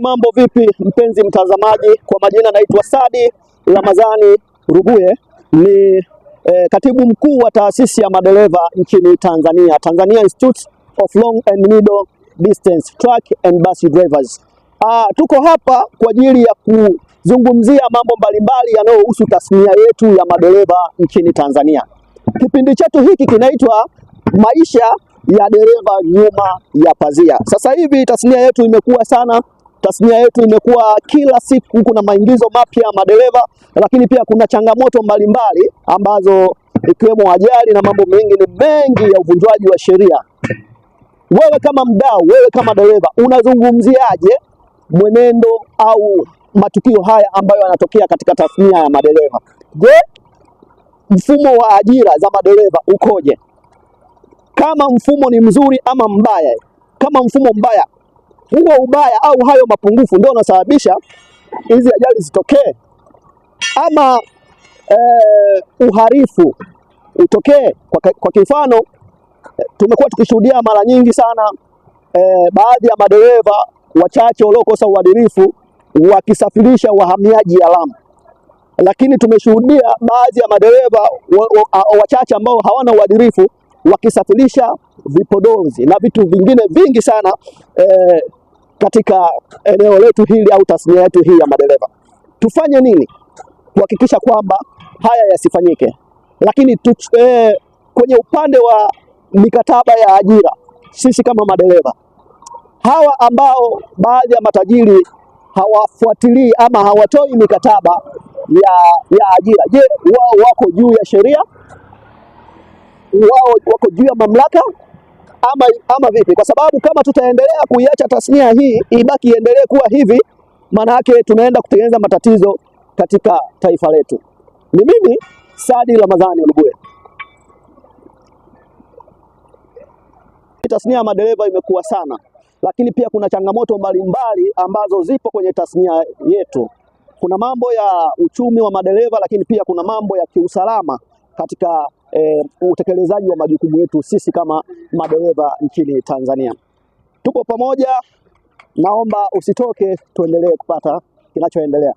Mambo vipi mpenzi mtazamaji, kwa majina naitwa Sadi Ramadhani Rubuye, ni e, katibu mkuu wa taasisi ya madereva nchini Tanzania, Tanzania Institute of Long and Middle Distance Truck and Bus Drivers. Aa, ah, tuko hapa kwa ajili ya kuzungumzia mambo mbalimbali yanayohusu tasnia yetu ya madereva nchini Tanzania. Kipindi chetu hiki kinaitwa maisha ya dereva nyuma ya pazia. Sasa hivi tasnia yetu imekuwa sana Tasnia yetu imekuwa kila siku kuna maingizo mapya ya madereva, lakini pia kuna changamoto mbalimbali ambazo ikiwemo ajali na mambo mengine mengi ya uvunjwaji wa sheria. Wewe kama mdau, wewe kama dereva, unazungumziaje mwenendo au matukio haya ambayo yanatokea katika tasnia ya madereva? Je, mfumo wa ajira za madereva ukoje? Kama mfumo ni mzuri ama mbaya? Kama mfumo mbaya huo ubaya au hayo mapungufu ndio yanasababisha hizi ajali zitokee, ama eh, uharifu utokee. Kwa, kwa kifano eh, tumekuwa tukishuhudia mara nyingi sana eh, baadhi ya madereva wachache waliokosa uadilifu wakisafirisha wahamiaji haramu, lakini tumeshuhudia baadhi ya madereva wachache ambao hawana uadilifu wakisafirisha vipodozi na vitu vingine vingi sana eh, katika eneo letu hili au tasnia yetu hii ya madereva. Tufanye nini kuhakikisha kwamba haya yasifanyike? Lakini tu, eh, kwenye upande wa mikataba ya ajira, sisi kama madereva hawa ambao baadhi ya matajiri hawafuatilii ama hawatoi mikataba ya, ya ajira, je, wao wako juu ya sheria? Wao wako juu ya mamlaka? ama, ama vipi? Kwa sababu kama tutaendelea kuiacha tasnia hii ibaki iendelee kuwa hivi, maana yake tunaenda kutengeneza matatizo katika taifa letu. Ni mimi Sadi Ramadhani Lubuye. Tasnia ya madereva imekuwa sana, lakini pia kuna changamoto mbalimbali mbali ambazo zipo kwenye tasnia yetu. Kuna mambo ya uchumi wa madereva, lakini pia kuna mambo ya kiusalama katika e, utekelezaji wa majukumu yetu sisi kama madereva nchini Tanzania. Tuko pamoja, naomba usitoke, tuendelee kupata kinachoendelea.